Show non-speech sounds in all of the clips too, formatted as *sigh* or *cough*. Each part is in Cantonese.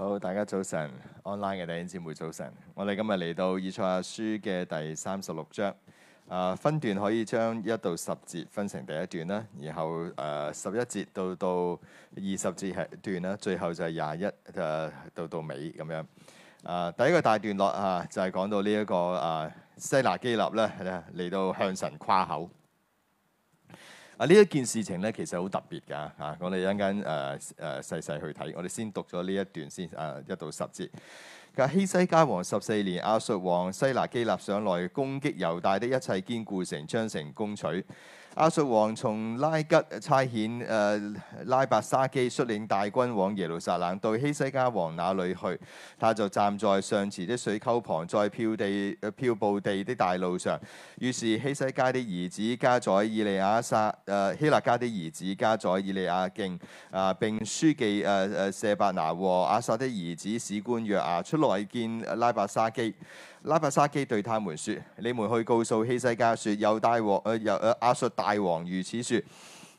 好，大家早晨，online 嘅弟兄姊妹早晨。我哋今日嚟到以賽亞書嘅第三十六章。啊、呃，分段可以將一到十節分成第一段啦，然後誒十一節到到二十節係段啦，最後就係廿一誒到到尾咁樣。啊、呃，第一個大段落啊，就係、是、講到呢、這、一個啊西拿基立咧嚟到向神誇口。啊！呢一件事情咧，其實好特別㗎嚇、啊。我哋一陣間誒誒細細去睇。我哋先讀咗呢一段先啊，一到十節。嘅、啊、希西，西家王十四年，亞述王西拿基立上來攻擊猶大的一切堅固城，將城攻取。亞述王從拉吉差遣誒、呃、拉伯沙基率領大軍往耶路撒冷到希西家王那裡去，他就站在上池的水溝旁在，在漂地漂布地的大路上。於是希西家的兒子加宰、以利亞撒誒、呃、希勒家的兒子加宰、以利亞敬啊、呃，並書記誒誒舍伯那和亞薩的兒子史官約亞、啊、出來見拉伯沙基。拉伯沙基對他們說：你們去告訴希西家說：有大王，呃、有、呃、亞述大王如此説：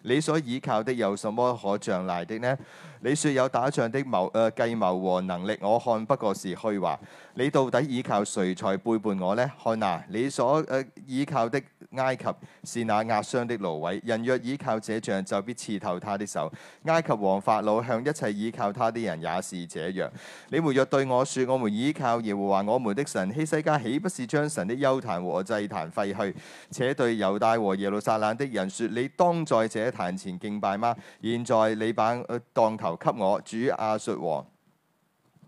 你所倚靠的有什麼可仗賴的呢？.你說有打仗的謀誒計謀和能力，我看不過是虛話。你到底倚靠誰才背叛我呢？看哪，你所誒、呃、倚靠的埃及是那壓傷的蘆葦，人若倚靠這杖，就必刺透他的手。埃及王法老向一切倚靠他的人也是這樣。你們若對我説：我們倚靠耶和華我們的神。希西家豈不是將神的丘壇和祭壇廢去？且對猶大和耶路撒冷的人説：你當在這壇前敬拜嗎？現在你把誒當、呃、頭。.給我主亞述王，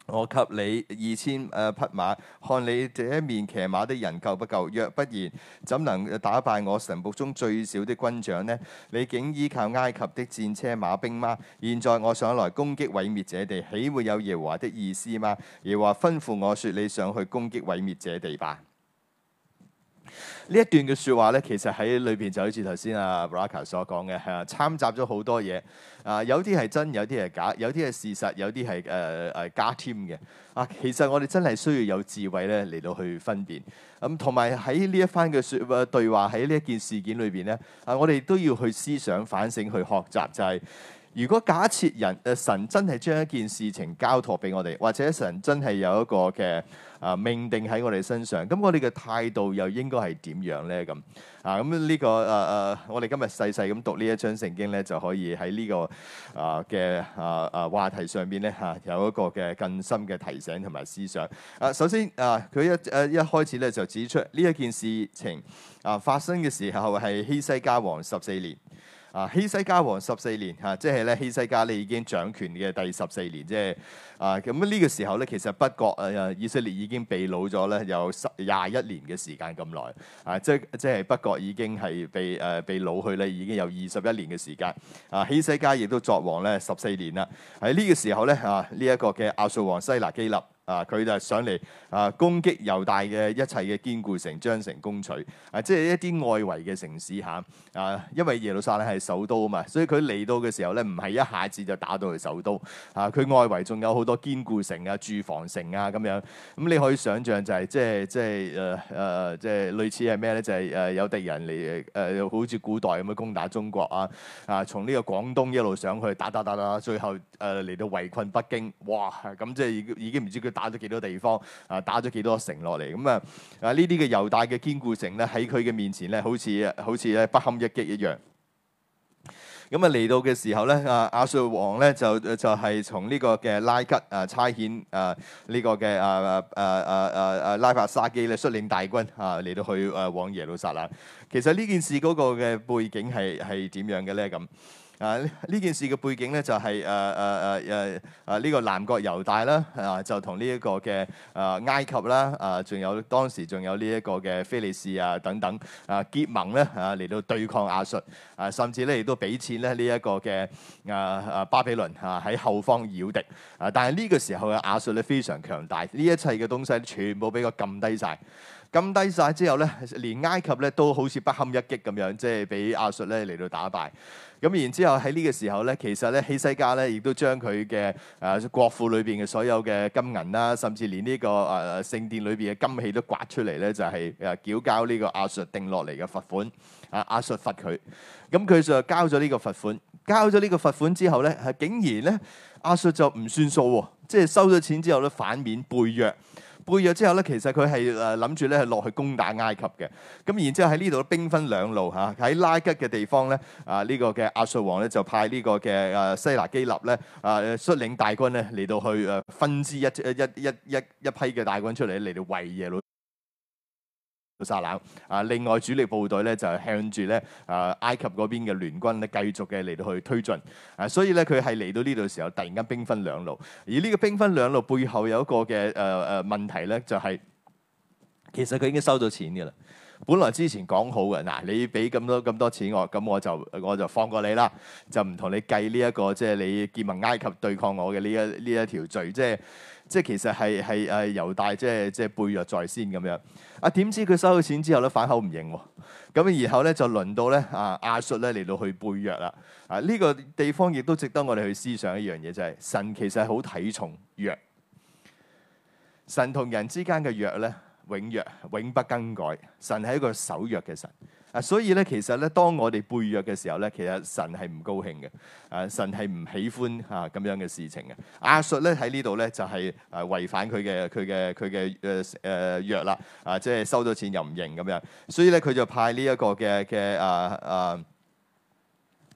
我給你二千匹馬，看你這一面騎馬的人夠不夠？若不然，怎能打敗我神僕中最少的軍長呢？你竟依靠埃及的戰車馬兵嗎？現在我上來攻擊毀滅這地，豈會有耶和華的意思嗎？耶和華吩咐我說：你上去攻擊毀滅這地吧。呢一段嘅說話咧，其實喺裏邊就好似頭先阿 braca 所講嘅，係啊參雜咗好多嘢啊，有啲係真，有啲係假，有啲係事實，有啲係誒誒加添嘅啊。其實我哋真係需要有智慧咧嚟，到去分辨。咁同埋喺呢一番嘅說、呃、對話喺呢一件事件裏邊咧啊，我哋都要去思想反省，去學習就係、是。如果假設人誒、呃、神真係將一件事情交託俾我哋，或者神真係有一個嘅啊、呃、命定喺我哋身上，咁我哋嘅態度又應該係點樣咧？咁啊咁呢、嗯這個誒誒、呃，我哋今日細細咁讀一張呢一章聖經咧，就可以喺呢、這個啊嘅啊啊話題上邊咧嚇有一個嘅更深嘅提醒同埋思想。啊，首先啊，佢一誒、啊、一開始咧就指出呢一件事情啊發生嘅時候係希西家王十四年。啊，希西家王十四年，嚇，即係咧希西家咧已經掌權嘅第十四年，即係啊，咁、這、呢個時候咧，其實北國啊以色列已經被擄咗咧，有十廿一年嘅時間咁耐，啊，即即係北國已經係被誒、啊、被擄去咧，已經有二十一年嘅時間，啊，希西家亦都作王咧十四年啦。喺呢個時候咧，啊，呢、這、一個嘅亞述王西拿基立。啊！佢就上嚟啊，攻擊猶大嘅一切嘅堅固城、將城攻取啊！即係一啲外圍嘅城市嚇啊！因為耶路撒冷係首都啊嘛，所以佢嚟到嘅時候咧，唔係一下子就打到去首都啊！佢外圍仲有好多堅固城啊、駐防城啊咁樣。咁你可以想象就係、是、即係即係誒誒即係類似係咩咧？就係、是、誒有敵人嚟誒、呃，好似古代咁樣攻打中國啊！啊，從呢個廣東一路上去打，打打打打，最後誒嚟、呃、到圍困北京，哇！咁即係已經已經唔知佢。打咗幾多地方多、嗯、啊？打咗幾多城落嚟？咁、嗯啊，啊，就是啊，啊，這個、啊？啊呢啲嘅猶大嘅堅固城咧，喺佢嘅面前咧，好似好似咧不堪一擊一樣。咁啊嚟到嘅時候咧，啊亞述王咧就就係從呢個嘅拉吉啊差遣啊呢個嘅啊啊啊啊啊拉法薩基嚟率領大軍啊嚟到去啊往耶路撒冷。其實呢件事嗰個嘅背景係係點樣嘅咧？咁、嗯。啊！呢件事嘅背景咧就係誒誒誒誒啊！呢、啊啊啊這個南國猶大啦啊，就同呢一個嘅啊埃及啦啊，仲有當時仲有呢一個嘅非利士啊等等啊結盟咧啊，嚟、啊、到對抗亞述啊，甚至咧亦都俾錢咧呢一個嘅啊啊巴比倫啊喺後方擾敵啊。但係呢個時候嘅亞述咧非常強大，呢一切嘅東西全部俾佢撳低晒。撳低晒之後咧，連埃及咧都好似不堪一擊咁樣，即係俾阿術咧嚟到打敗。咁然之後喺呢個時候咧，其實咧希西加咧亦都將佢嘅啊國庫裏邊嘅所有嘅金銀啦，甚至連呢個啊聖殿裏邊嘅金器都刮出嚟咧，就係啊繳交呢個阿術定落嚟嘅罰款。啊阿術罰佢，咁佢就交咗呢個罰款。交咗呢個罰款之後咧，係竟然咧阿術就唔算數喎，即係收咗錢之後咧反面背約。背咗之後咧，其實佢係誒諗住咧係落去攻打埃及嘅。咁然之後喺呢度兵分兩路吓，喺拉吉嘅地方咧，啊呢、這個嘅亞述王咧就派呢個嘅誒西拿基立咧誒率領大軍咧嚟到去誒分支一一一一一,一批嘅大軍出嚟嚟到圍耶路沙冷啊！另外主力部隊咧就向住咧啊埃及嗰邊嘅聯軍咧繼續嘅嚟到去推進啊！所以咧佢係嚟到呢度時候突然間兵分兩路，而呢個兵分兩路背後有一個嘅誒誒問題咧、就是，就係其實佢已經收到錢嘅啦。本來之前講好嘅嗱，你俾咁多咁多錢我，咁我就我就放過你啦，就唔同你計呢一個即係、就是、你結盟埃及對抗我嘅呢一呢一條罪，即、就、係、是。即係其實係係誒猶大即係即係背約在先咁樣，啊點知佢收到錢之後咧反口唔認喎，咁、啊、然後咧就輪到咧啊亞述咧嚟到去背約啦，啊呢、這個地方亦都值得我哋去思想一樣嘢就係、是、神其實係好睇重約，神同人之間嘅約咧永約永不更改，神係一個守約嘅神。啊，所以咧，其實咧，當我哋背約嘅時候咧，其實神係唔高興嘅，啊，神係唔喜歡嚇咁樣嘅事情嘅。亞述咧喺呢度咧就係啊違反佢嘅佢嘅佢嘅誒誒約啦，啊、呃，即係收咗錢又唔認咁樣，所以咧佢就派呢一個嘅嘅啊啊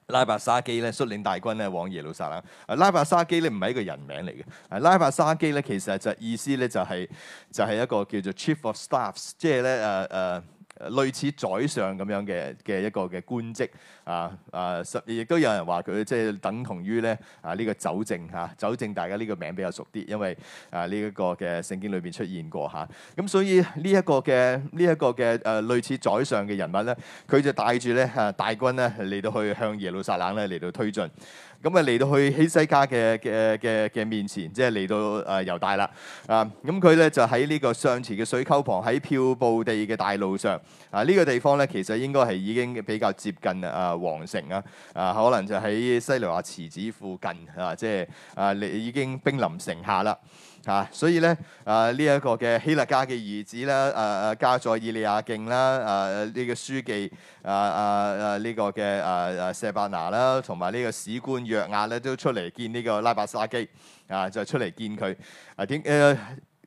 拉伯沙基咧，率領大軍咧往耶路撒冷。拉伯沙基咧唔係一個人名嚟嘅，拉伯沙基咧、啊、其實就係、意思咧就係、係、就係、係、一個叫做 chief of staffs，即係咧誒誒。啊啊類似宰相咁樣嘅嘅一個嘅官職啊啊，亦、啊、都有人話佢即係等同於咧啊呢個酒政嚇酒政，啊、大家呢個名比較熟啲，因為啊呢一個嘅聖經裏邊出現過嚇。咁、啊、所以呢一個嘅呢一個嘅誒、啊、類似宰相嘅人物咧，佢就帶住咧嚇大軍咧嚟到去向耶路撒冷咧嚟到推進。咁啊嚟到去希西家嘅嘅嘅嘅面前，即係嚟到誒猶大啦，啊咁佢咧就喺、是、呢個上池嘅水溝旁，喺漂布地嘅大路上，啊呢、這個地方咧其實應該係已經比較接近啊皇城啊，啊可能就喺西羅亞池子附近啊，即係啊嚟已經兵臨城下啦，嚇、啊！所以咧啊呢一、這個嘅希勒家嘅兒子啦，啊啊家宰以利亞敬啦，啊、這、呢個書記啊啊、這個、啊呢個嘅啊伯啊舍伯那啦，同埋呢個史官。約亞咧都出嚟見呢個拉伯沙基啊，就出嚟見佢啊！點誒？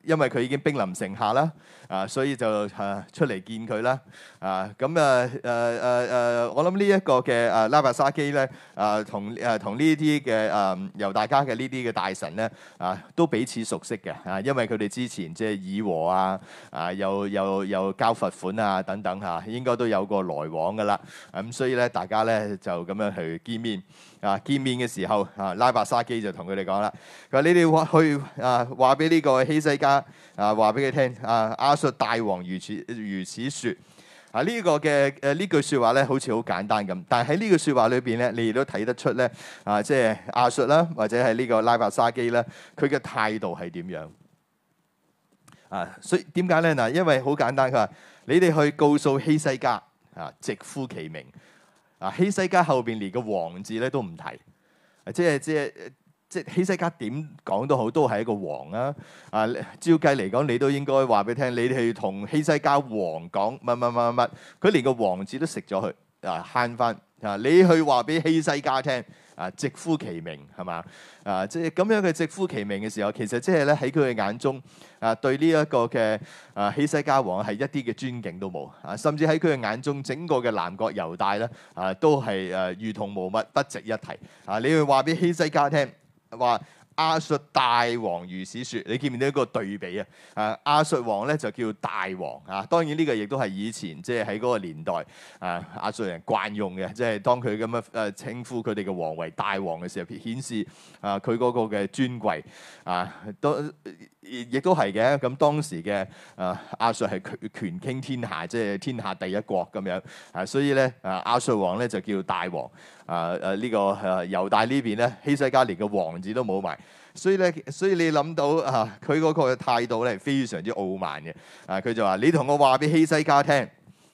因為佢已經兵臨城下啦，啊，所以就啊出嚟見佢啦，啊咁啊誒誒誒，我諗呢一個嘅啊拉伯沙基咧啊，同誒、啊、同呢啲嘅啊猶大家嘅呢啲嘅大臣咧啊，都彼此熟悉嘅啊，因為佢哋之前即係議和啊啊，又又又交罰款啊等等嚇、啊，應該都有過來往噶啦，咁、啊、所以咧大家咧就咁樣去見面。啊！見面嘅時候，啊拉伯沙基就同佢哋講啦。佢話：你哋去啊，話俾呢個希西家啊，話俾佢聽啊。亞述大王如此如此説。啊，呢、啊這個嘅誒呢句説話咧，好似好簡單咁。但喺呢句説話裏邊咧，你亦都睇得出咧啊，即係亞述啦，或者係呢個拉伯沙基啦，佢嘅態度係點樣？啊，所以點解咧？嗱，因為好簡單，佢話：你哋去告訴希西家啊，直呼其名。啊希西家後邊連個王字咧都唔提，啊、即係、啊、即係即係希西家點講都好，都係一個王啊！啊，照計嚟講，你都應該話俾聽，你去同希西家王講乜乜乜乜乜，佢連個王字都食咗佢啊慳翻啊！你去話俾希西家聽啊，直呼其名係嘛？啊！即係咁樣嘅直呼其名嘅時候，其實即係咧喺佢嘅眼中啊，對呢一個嘅啊希西家王係一啲嘅尊敬都冇啊，甚至喺佢嘅眼中整個嘅南國猶大咧啊，都係誒、啊、如同無物，不值一提啊！你會話俾希西家聽話。啊亞述大王如此說，你見唔見到一個對比啊？啊，亞述王咧就叫大王啊，當然呢個亦都係以前即係喺嗰個年代啊，亞述人慣用嘅，即係當佢咁樣誒稱呼佢哋嘅王為大王嘅時候，顯示啊佢嗰個嘅尊貴啊都。亦都係嘅，咁當時嘅啊亞述係權傾天下，即係天下第一國咁樣，啊所以咧啊亞述王咧就叫大王，啊啊呢個啊猶大呢邊咧希西家連個王子都冇埋，所以咧所以你諗到啊佢嗰個態度咧非常之傲慢嘅，啊佢就話你同我話俾希西家聽。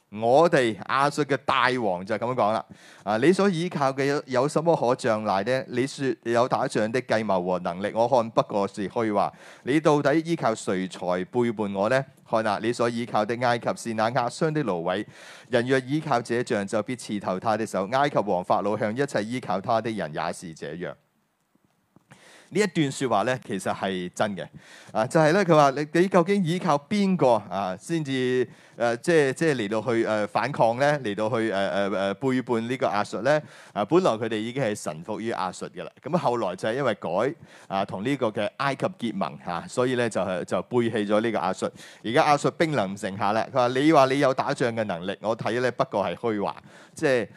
我哋亞述嘅大王就咁樣講啦！啊，你所依靠嘅有什麼可仗賴呢？你説有打仗的計謀和能力，我看不過是虛話。你到底依靠誰才背叛我呢？看啊，你所依靠的埃及是那壓傷的蘆葦，人若依靠這仗，就必刺透他的手。埃及王法老向一切依靠他的人也是這樣。呢一段説話咧，其實係真嘅啊！就係、是、咧，佢話你你究竟依靠邊個啊？先至誒，即係即係嚟到去誒、呃、反抗咧，嚟到去誒誒誒背叛個呢個亞述咧啊！本來佢哋已經係臣服於亞述嘅啦，咁、嗯、後來就係因為改啊，同呢個嘅埃及結盟嚇、啊，所以咧就係就背棄咗呢個亞述。而家亞述兵臨城下啦，佢話你話你有打仗嘅能力，我睇咧不過係虛話，即係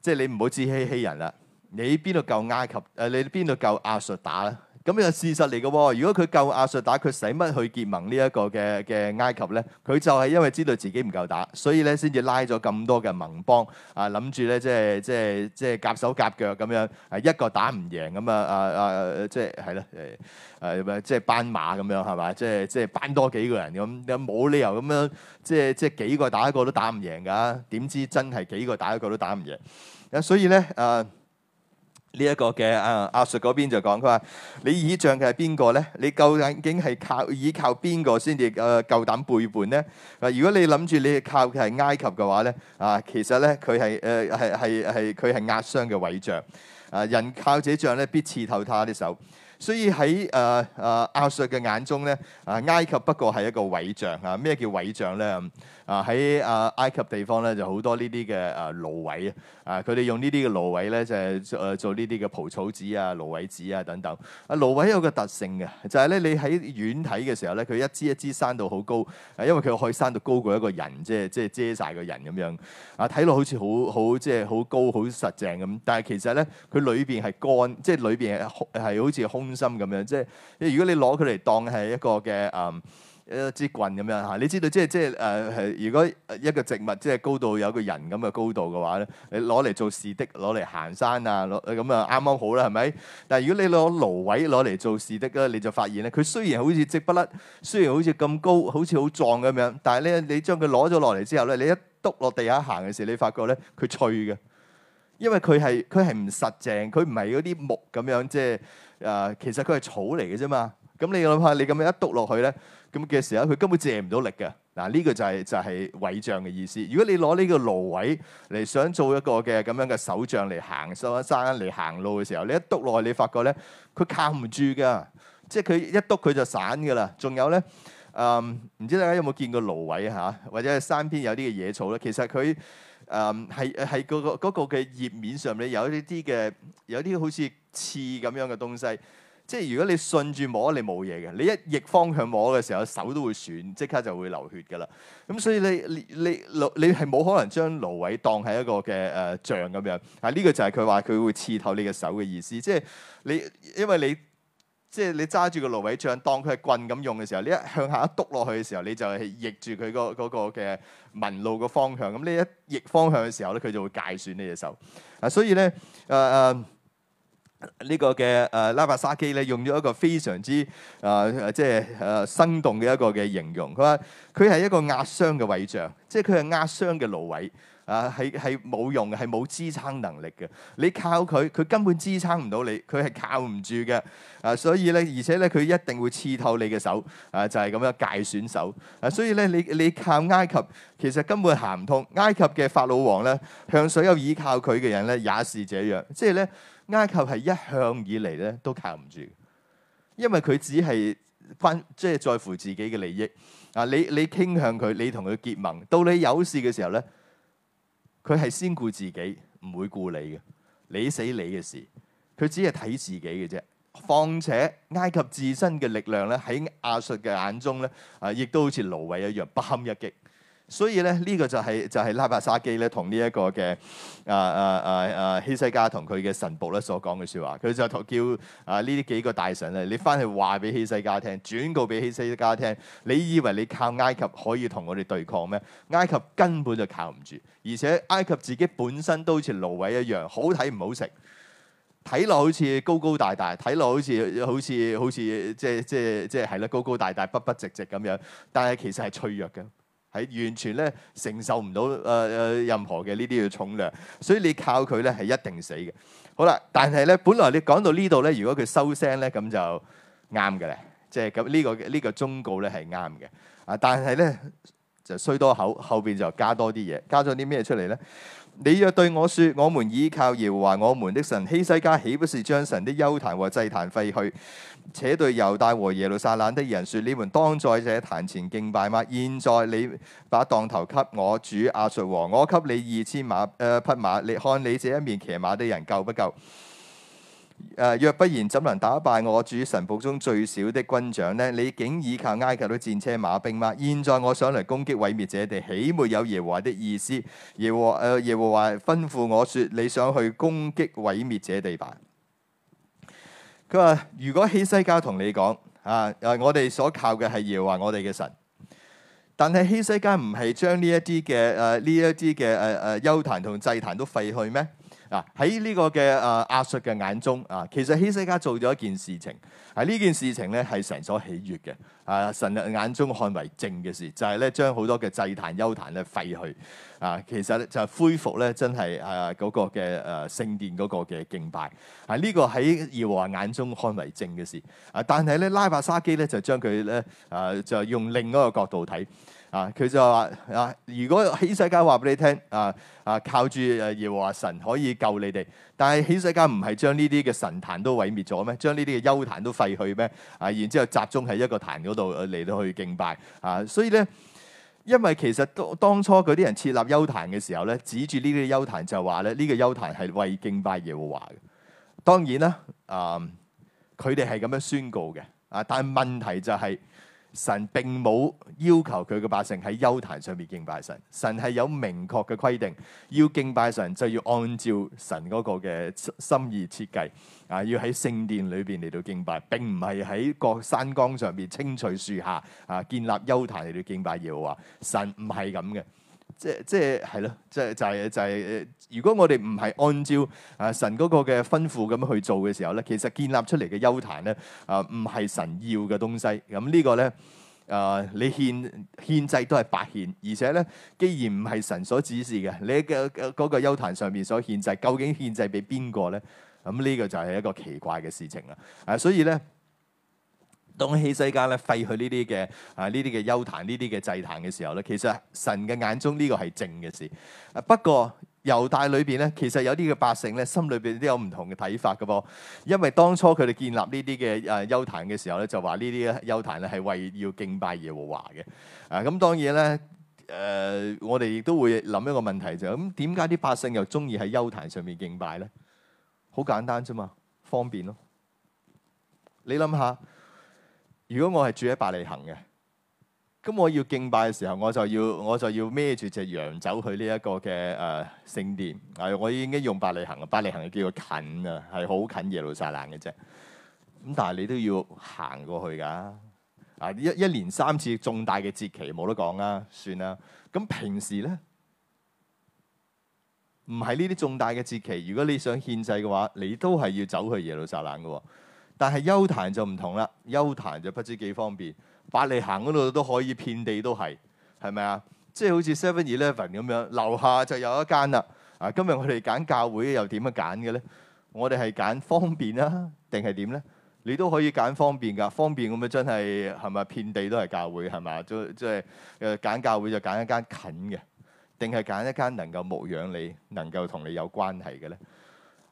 即係你唔好自欺欺，欺人啦。你邊度夠埃及？誒，你邊度夠亞述打咧？咁呢個事實嚟嘅喎。如果佢夠亞述打，佢使乜去結盟呢一個嘅嘅埃及咧？佢就係因為知道自己唔夠打，所以咧先至拉咗咁多嘅盟邦啊，諗住咧即係即係即係夾手夾腳咁樣啊，一個打唔贏咁啊啊啊，即係係啦誒誒，即係班馬咁樣係嘛？即係即係班多幾個人咁，冇理由咁樣即係即係幾個打一個都打唔贏㗎。點知真係幾個打一個都打唔贏。所以咧誒。啊呢一個嘅、啊、亞亞述嗰邊就講，佢話你倚仗嘅係邊個咧？你究竟竟係靠倚靠邊個先至誒夠膽背叛咧？嗱，如果你諗住你係靠嘅係埃及嘅話咧，啊，其實咧佢係誒係係係佢係壓傷嘅葦杖啊！人靠這杖咧，必刺透他的手。所以喺誒誒亞述嘅眼中咧，啊埃及不過係一個葦杖啊！咩叫葦杖咧？啊喺啊埃及地方咧就好多呢啲嘅啊蘆葦啊，啊佢哋用呢啲嘅蘆葦咧就係誒做呢啲嘅蒲草紙啊、蘆葦紙啊等等。啊蘆葦有個特性嘅，就係、是、咧你喺遠睇嘅時候咧，佢一支一支生到好高，啊，因為佢可以生到高過一個人，即係即係遮晒個人咁樣。啊睇落好似好好即係好高好實淨咁，但係其實咧佢裏邊係乾，即係裏邊係好似空心咁樣。即係如果你攞佢嚟當係一個嘅啊。嗯一支棍咁樣嚇，你知道即係即係誒？係、呃、如果一個植物即係高度有個人咁嘅高度嘅話咧，你攞嚟做士的攞嚟行山啊，咁啊啱啱好啦，係咪？但係如果你攞蘆葦攞嚟做士的咧，你就發現咧，佢雖然好似直不甩，雖然好似咁高，好似好壯咁樣，但係咧你將佢攞咗落嚟之後咧，你一篤落地下行嘅時候，你發覺咧佢脆嘅，因為佢係佢係唔實淨，佢唔係嗰啲木咁樣，即係誒、呃、其實佢係草嚟嘅啫嘛。咁你諗下，你咁樣一篤落去咧。咁嘅時候，佢根本借唔到力嘅。嗱，呢、這個就係、是、就係葦杖嘅意思。如果你攞呢個蘆葦嚟想做一個嘅咁樣嘅手杖嚟行山山嚟行路嘅時候，你一篤落去，你發覺咧，佢靠唔住噶。即係佢一篤，佢就散噶啦。仲有咧，嗯，唔知大家有冇見過蘆葦吓、啊，或者山邊有啲嘅野草咧。其實佢，嗯，係係嗰個、那個嘅葉面上面，有一啲嘅，有啲好似刺咁樣嘅東西。即係如果你順住摸，你冇嘢嘅；你一逆方向摸嘅時候，手都會損，即刻就會流血噶啦。咁所以你你你你係冇可能將蘆葦當係一個嘅誒杖咁樣。啊，呢、這個就係佢話佢會刺透你嘅手嘅意思。即係你，因為你即係、就是、你揸住個蘆葦杖當佢係棍咁用嘅時候，你一向下一篤落去嘅時候，你就係逆住佢個嗰、那個嘅紋路嘅方向。咁你一逆方向嘅時候咧，佢就會介損呢隻手。啊，所以咧，誒、呃、誒。呃呢個嘅誒、呃、拉伯沙基咧，用咗一個非常之誒、呃、即係誒、呃、生動嘅一個嘅形容。佢話：佢係一個壓傷嘅葦杖，即係佢係壓傷嘅蘆葦啊，係係冇用嘅，係冇支撐能力嘅。你靠佢，佢根本支撐唔到你，佢係靠唔住嘅啊、呃。所以咧，而且咧，佢一定會刺透你嘅手啊、呃，就係、是、咁樣界損手啊、呃。所以咧，你你靠埃及其實根本行唔通。埃及嘅法老王咧，向所有倚靠佢嘅人咧，也是這樣，即係咧。埃及係一向以嚟咧都靠唔住，因為佢只係關即係在乎自己嘅利益啊！你你傾向佢，你同佢結盟，到你有事嘅時候咧，佢係先顧自己，唔會顧你嘅。你死你嘅事，佢只係睇自己嘅啫。況且埃及自身嘅力量咧，喺亞述嘅眼中咧啊，亦都好似蘆葦一樣不堪一擊。所以咧，呢、這個就係、是、就係、是、拉伯沙基咧，同呢一個嘅啊啊啊啊希西家同佢嘅神僕咧所講嘅説話。佢就託叫啊呢啲幾個大臣咧，你翻去話俾希西家聽，轉告俾希西家聽。你以為你靠埃及可以同我哋對抗咩？埃及根本就靠唔住，而且埃及自己本身都好似蘆葦一樣，好睇唔好食。睇落好似高高大大，睇落好似好似好似即即即係啦，高高大大、筆筆直直咁樣，但係其實係脆弱嘅。係完全咧承受唔到誒誒任何嘅呢啲嘅重量，所以你靠佢咧係一定死嘅。好啦，但係咧，本來你講到呢度咧，如果佢收聲咧，咁就啱嘅啦，即係咁呢個呢個忠告咧係啱嘅。啊，但係咧就衰多口，後邊就加多啲嘢，加咗啲咩出嚟咧？你若對我説：我們倚靠耶和華我們的神希西家，豈不是將神的邱壇和祭壇廢去？且對猶大和耶路撒冷的人説：你們當在這壇前敬拜嗎？現在你把當頭給我主亞述王，我給你二千馬誒匹馬，你看你這一面騎馬的人夠不夠？誒，若不然，怎能打敗我主神僕中最小的軍長呢？你竟倚靠埃及的戰車馬兵嗎？現在我想嚟攻擊毀滅這地，豈沒有耶和華的意思？耶和誒耶和華吩咐我說：你想去攻擊毀滅這地吧？佢話如果希西家同你講啊，誒，我哋所靠嘅係耶和華我哋嘅神，但係希西家唔係將呢一啲嘅誒呢一啲嘅誒誒邱壇同祭壇都廢去咩？嗱喺呢個嘅誒亞述嘅眼中啊，其實希西家做咗一件事情，啊呢件事情咧係神所喜悅嘅，啊神眼中看為正嘅事，就係咧將好多嘅祭壇、邱壇咧廢去，啊其實咧就係恢復咧真係誒嗰個嘅誒聖殿嗰個嘅敬拜，啊呢個喺耶和華眼中看為正嘅事，啊但係咧拉伯沙基咧就將佢咧誒就用另一個角度睇。啊！佢就話啊，如果希西家話俾你聽，啊啊靠住耶和華神可以救你哋，但係希西家唔係將呢啲嘅神壇都毀滅咗咩？將呢啲嘅丘壇都廢去咩？啊，然之後集中喺一個壇嗰度嚟到去敬拜啊！所以咧，因為其實當初嗰啲人設立丘壇嘅時候咧，指住呢啲丘壇就話咧，呢、這個丘壇係為敬拜耶和華嘅。當然啦，啊，佢哋係咁樣宣告嘅啊，但係問題就係、是。神並冇要求佢嘅百姓喺丘壇上面敬拜神，神係有明確嘅規定，要敬拜神就要按照神嗰個嘅心意設計，啊，要喺聖殿裏邊嚟到敬拜，並唔係喺各山崗上面青翠樹下啊建立丘壇嚟到敬拜耶和華，神唔係咁嘅。即即係咯，即就係、是、就係、是就是。如果我哋唔係按照啊神嗰個嘅吩咐咁樣去做嘅時候咧，其實建立出嚟嘅丘壇咧啊，唔係神要嘅東西。咁、啊這個、呢個咧啊，你獻獻祭都係白獻，而且咧，既然唔係神所指示嘅，你嘅嘅嗰個丘壇上面所獻祭，究竟獻祭俾邊個咧？咁、啊、呢、這個就係一個奇怪嘅事情啦。啊，所以咧。當喺世界咧廢去呢啲嘅啊呢啲嘅丘壇呢啲嘅祭壇嘅時候咧，其實神嘅眼中呢個係正嘅事。啊，不過猶大裏邊咧，其實有啲嘅百姓咧，心裏邊都有唔同嘅睇法嘅噃。因為當初佢哋建立呢啲嘅啊丘壇嘅時候咧，就話呢啲嘅丘壇係為要敬拜耶和華嘅。啊，咁當然咧，誒、呃，我哋亦都會諗一個問題就咁、是：點解啲百姓又中意喺丘壇上面敬拜咧？好簡單啫嘛，方便咯。你諗下。如果我係住喺伯利恒嘅，咁我要敬拜嘅時候，我就要我就要孭住隻羊走去呢一個嘅誒、呃、聖殿。啊，我應該用伯利恒啊，伯利恒叫做近啊，係好近耶路撒冷嘅啫。咁但係你都要行過去噶。啊，一一年三次重大嘅節期冇得講啦，算啦。咁平時咧，唔係呢啲重大嘅節期，如果你想獻祭嘅話，你都係要走去耶路撒冷嘅。但係悠閒就唔同啦，悠閒就不知幾方便，百嚟行嗰度都可以，遍地都係，係咪啊？即係好似 Seven Eleven 咁樣，樓下就有一間啦。啊，今日我哋揀教會又點樣揀嘅咧？我哋係揀方便啦，啊，定係點咧？你都可以揀方便㗎，方便咁樣真係，係咪遍地都係教會係咪？即係誒揀教會就揀一間近嘅，定係揀一間能夠牧養你，能夠同你有關係嘅咧？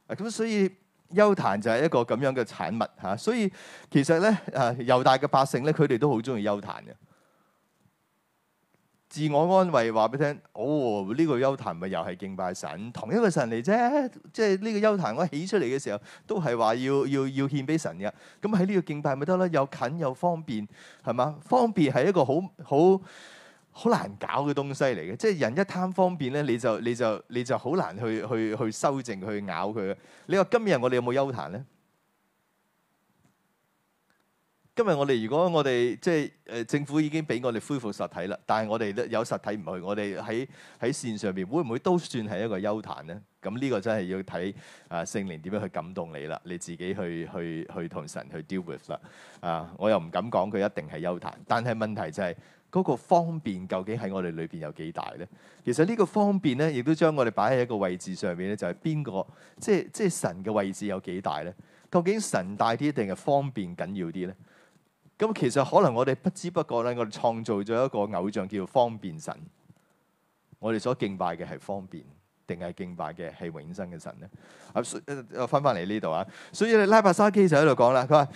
啊咁所以。邱壇就係一個咁樣嘅產物嚇、啊，所以其實咧誒，猶、啊、大嘅百姓咧，佢哋都好鍾意邱壇嘅自我安慰你，話俾你聽哦，呢、這個邱壇咪又係敬拜神，同一個神嚟啫，即係呢個邱壇我起出嚟嘅時候，都係話要要要獻俾神嘅，咁喺呢個敬拜咪得啦，又近又方便，係嘛？方便係一個好好。好難搞嘅東西嚟嘅，即係人一貪方便咧，你就你就你就好難去去去修正去咬佢。你話今日我哋有冇休談咧？今日我哋如果我哋即係誒、呃、政府已經俾我哋恢復實體啦，但係我哋有實體唔去，我哋喺喺線上邊會唔會都算係一個休談咧？咁呢個真係要睇啊、呃、聖靈點樣去感動你啦，你自己去去去同神去 deal with 啦。啊、呃，我又唔敢講佢一定係休談，但係問題就係、是。嗰個方便究竟喺我哋裏邊有幾大咧？其實呢個方便咧，亦都將我哋擺喺一個位置上面咧，就係、是、邊個？即係即係神嘅位置有幾大咧？究竟神大啲定係方便緊要啲咧？咁其實可能我哋不知不覺咧，我哋創造咗一個偶像叫做方便神。我哋所敬拜嘅係方便，定係敬拜嘅係永生嘅神咧？啊，返翻嚟呢度啊！所以你、啊、拉伯沙基就喺度講啦，佢話。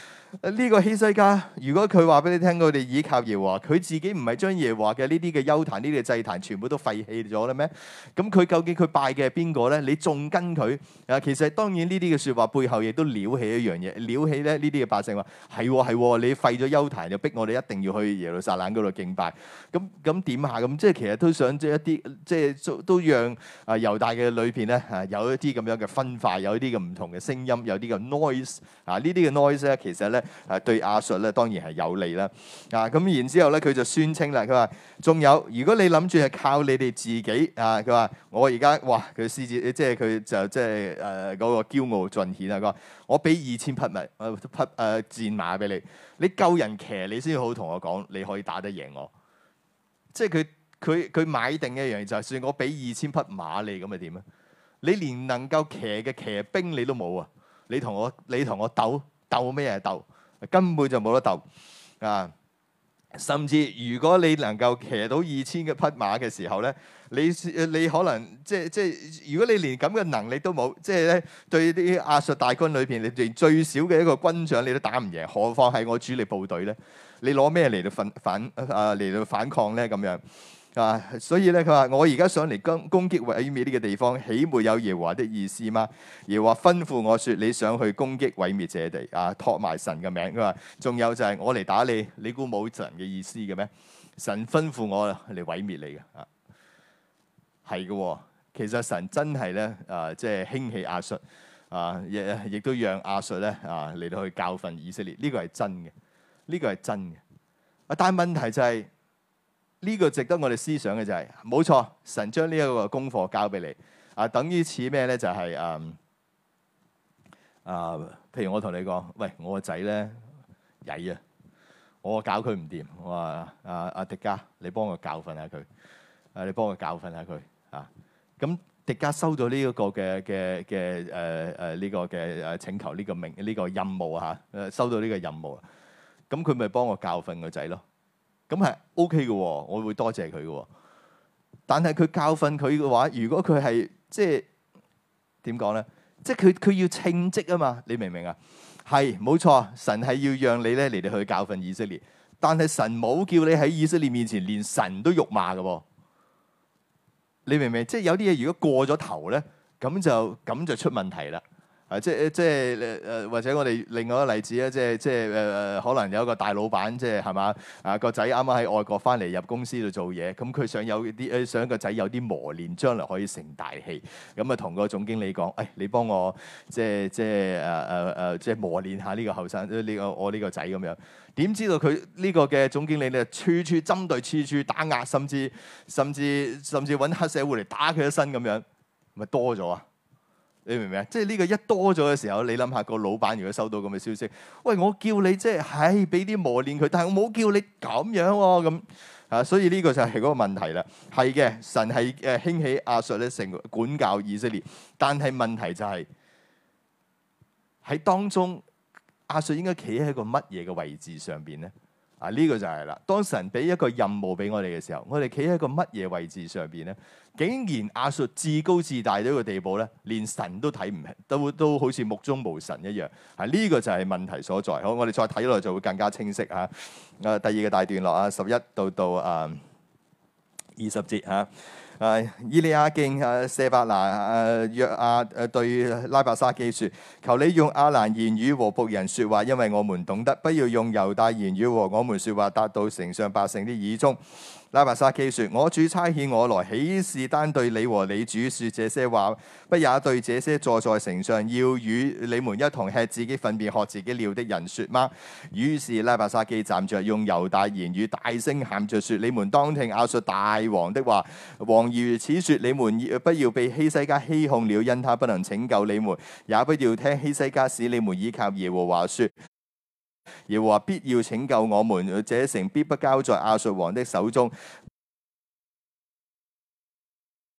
呢個希西家，如果佢話俾你聽，佢哋倚靠耶和華，佢自己唔係將耶和華嘅呢啲嘅丘壇、呢啲嘅祭壇，全部都廢棄咗喇咩？咁佢究竟佢拜嘅係邊個咧？你仲跟佢？啊，其實當然呢啲嘅説話背後亦都撩起咗一樣嘢，撩起咧呢啲嘅百姓話係係，你廢咗丘壇就逼我哋一定要去耶路撒冷嗰度敬拜。咁咁點下咁，即係其實都想即係一啲，即係都都讓啊猶大嘅裏邊咧嚇有一啲咁樣嘅分化，有一啲嘅唔同嘅聲音，有啲嘅 noise 啊呢啲嘅 noise 咧，其實咧。誒、啊，對亞述咧，當然係有利啦。啊，咁然之後咧，佢就宣稱啦，佢話仲有，如果你諗住係靠你哋自己，啊，佢話我而家，哇，佢獅子，即係佢就即係誒嗰個驕傲盡顯啊！佢話我俾二千匹物匹誒戰馬俾你，你夠人騎，你先好同我講，你可以打得贏我。即係佢佢佢買定一樣嘢，就是，就係算我俾二千匹馬你，咁咪點啊？你連能夠騎嘅騎兵你都冇啊！你同我你同我鬥。鬥咩嘢鬥？根本就冇得鬥啊！甚至如果你能夠騎到二千嘅匹馬嘅時候咧，你你可能即係即係，如果你連咁嘅能力都冇，即係咧對啲亞述大軍裏邊，連最少嘅一個軍長你都打唔贏，何況係我主力部隊咧？你攞咩嚟到反反啊嚟到反抗咧？咁樣？啊，所以咧佢話我而家上嚟攻攻擊毀滅呢個地方，豈沒有耶和華的意思嗎？耶和華吩咐我說，你想去攻擊毀滅這地，啊，託埋神嘅名。佢話仲有就係我嚟打你，你估冇神嘅意思嘅咩？神吩咐我嚟毀滅你嘅，啊，係嘅喎。其實神真係咧，啊，即係興起亞述，啊，亦亦都讓亞述咧，啊，嚟到去教訓以色列，呢個係真嘅，呢個係真嘅。啊，但係問題就係。呢個值得我哋思想嘅就係、是、冇錯，神將呢一個功課交俾你啊，等於似咩咧？就係誒誒，譬如我同你講，喂，我個仔咧曳啊，我搞佢唔掂，我話啊啊，迪加，你幫我教訓下佢，誒、啊，你幫我教訓下佢啊。咁、啊、迪加收到呢一個嘅嘅嘅誒誒呢個嘅誒請求，呢個命呢個任務嚇，誒收到呢個任務，咁佢咪幫我教訓個仔咯？咁係 OK 嘅，我會多謝佢嘅。但係佢教訓佢嘅話，如果佢係即係點講咧？即係佢佢要稱職啊嘛？你明唔明啊？係冇錯，神係要讓你咧嚟，到去教訓以色列。但係神冇叫你喺以色列面前連神都辱罵嘅。你明唔明？即係有啲嘢如果過咗頭咧，咁就咁就出問題啦。啊！即即誒誒，或者我哋另外一個例子咧，即即誒誒、呃，可能有一個大老闆，即係係嘛，啊個仔啱啱喺外國翻嚟入公司度做嘢，咁佢想有啲誒，想個仔有啲磨練，將來可以成大器。咁啊，同個總經理講：誒、哎，你幫我即即誒誒誒，即磨練下呢個後生，呢、這個我呢個仔咁樣。點知道佢呢、這個嘅總經理咧，處處針對，處處打壓，甚至甚至甚至揾黑社會嚟打佢一身咁樣，咪多咗啊！你明唔明啊？即係呢個一多咗嘅時候，你諗下個老闆如果收到咁嘅消息，喂，我叫你即係，唉、哎，俾啲磨練佢，但係我冇叫你咁樣喎、啊，咁啊，所以呢個就係嗰個問題啦。係嘅，神係誒、啊、興起亞述咧，成管教以色列，但係問題就係、是、喺當中，亞述應該企喺個乜嘢嘅位置上邊咧？啊，呢、這個就係啦。當神俾一個任務俾我哋嘅時候，我哋企喺個乜嘢位置上邊咧？竟然亞述自高自大到一個地步咧，連神都睇唔起，都都好似目中無神一樣。啊，呢、這個就係問題所在。好，我哋再睇落就會更加清晰嚇。啊，第二個大段落啊，十一到到啊二十節嚇。啊，以利亞敬啊，舍伯那啊，約亞啊，對拉伯沙基説：求你用亞蘭言語和僕人說話，因為我們懂得，不要用猶大言語和我們說話，達到城上百姓啲耳中。拉伯沙基說：我主差遣我來，豈是單對你和你主說這些話？不也對這些坐在城上，要與你們一同吃自己糞便、喝自己尿的人說嗎？於是拉伯沙基站着，用猶大言語大聲喊着說：你們當聽亞述大王的話，王如此說：你們不要被希西家欺哄了，因他不能拯救你們；也不要聽希西家使你們依靠耶和華說。耶和華必要拯救我們，這城必不交在亞述王的手中。